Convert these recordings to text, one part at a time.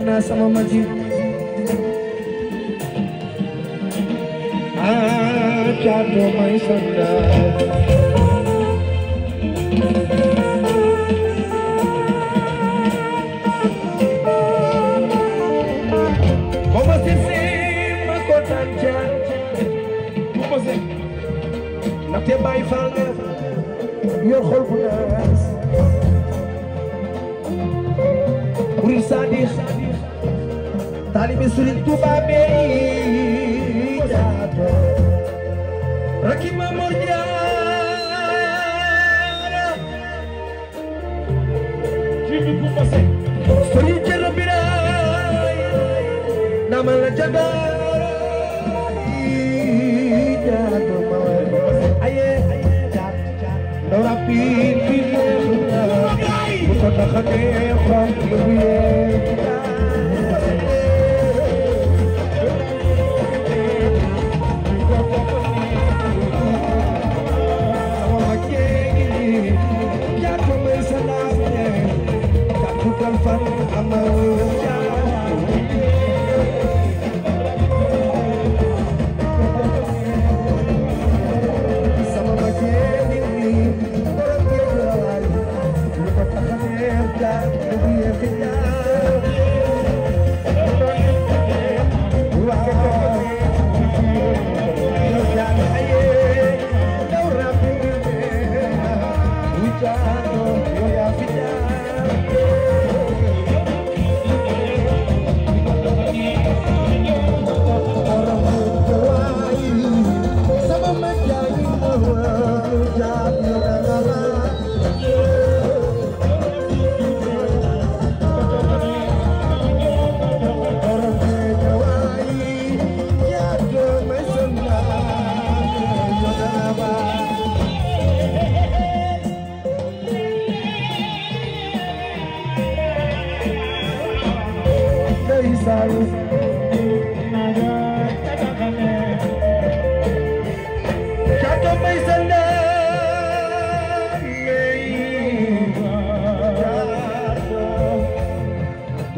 kontaan naa sama mag yi ah Thiatou may sonn te bay faal nga yor xol bu naas murid sadiq taalibe Sëriñ ku ma sey Sëriñ Biraay na ma la jaga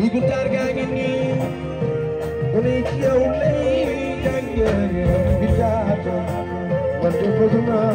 bi guitar gaa ngi nii mu ne ci yow lay jàngee guitar man de bëgg naa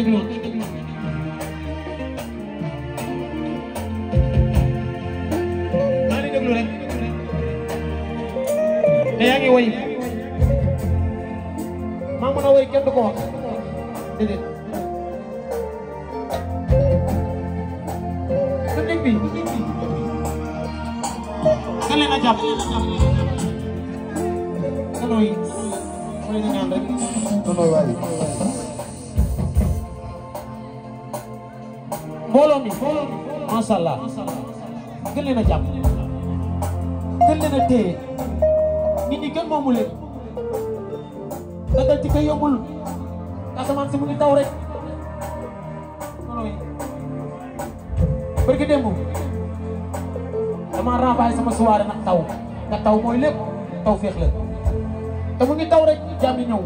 déglu maa ngi déglu rek te yaa ngi woy maa mën a woy kenn du ko wax déedéet sa nekk bi ka leen a jàpp kanooy mooy ni ñaan rek kanooy waay mbooloo mi macha allah gën leen a jàpp gën leen a téye nit ñi gën moomu leen dagal ci kay yombul asamaan si mu ngi taw rek barki démb dama renvoyé sama soirée nag taw nga taw mooy lépp taw féex te mu ngi taw rek jàmm ñëw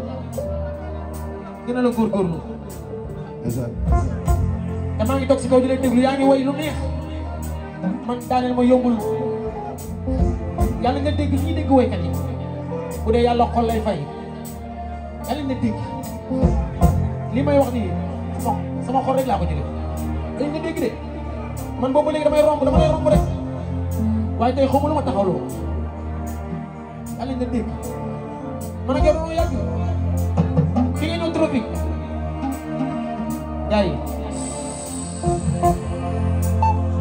gën a la góorgóorlu man maa ngi toog si kaw di leen déglu yaa ngi woy lu neex man daaneel ma yombul yàlla nga dégg ñi dégg woykat yi bu dee yàlla xol lay fay yàlla nga dégg li may wax nii sama sama xol rek laa ko jëlee dañ nga dégg de man boobu léegi damay romb dama romb rek waaye tey xaw ma lu ma yàlla nga dégg man ak yow dañoo yàgg fi ngeen ñëw tropique gars yi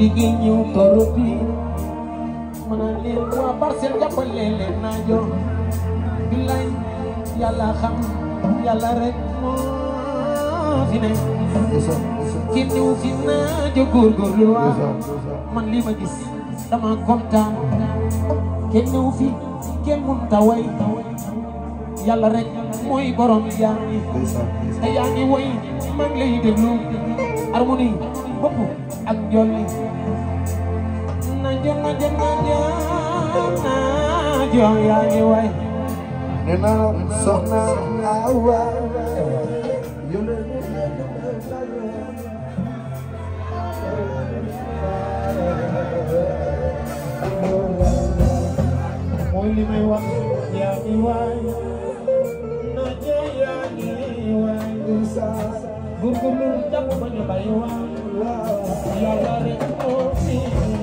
léegi ñëw torop bi ma fi ne kenn ñëw fi waa man li ma gis dama kontaan kenn ñëw fi kenn mun ta way yàlla rek mooy borom yaa ngi te yaa ngi way maa ngi lay déglu harmonie bopp ak jolli jëm na jëm na jëm na jëm yaa ngi way nee na soxna Awa mooy li may wax yaa ngi way na jëm yaa ngi way gurgurlu jàpp ba ñu bay way yàlla rek moo oh, fi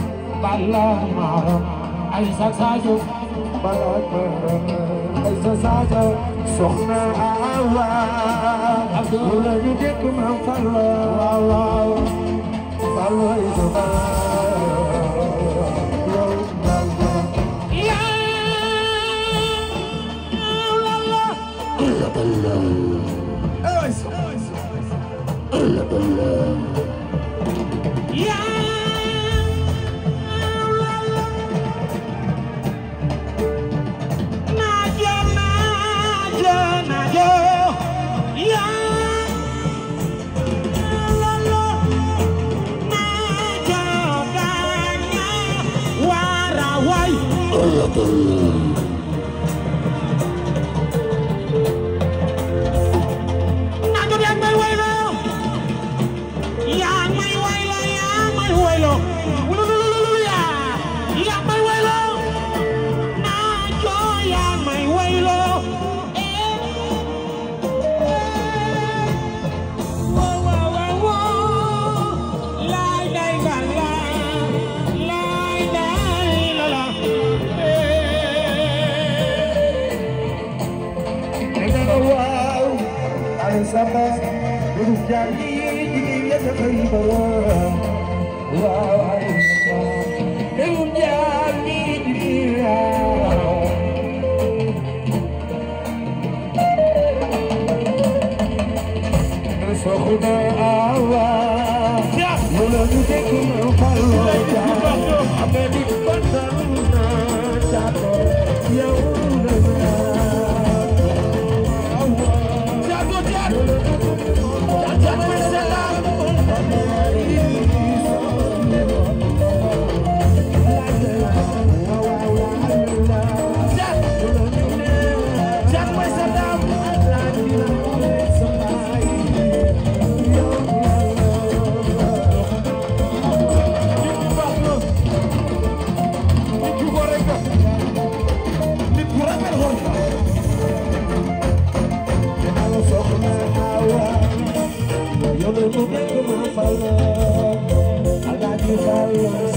balla maram ay sa sajo balak ay sa sajo soxna awa abdul ni dekk ma falla wala falla isa Allah Allah Allah Allah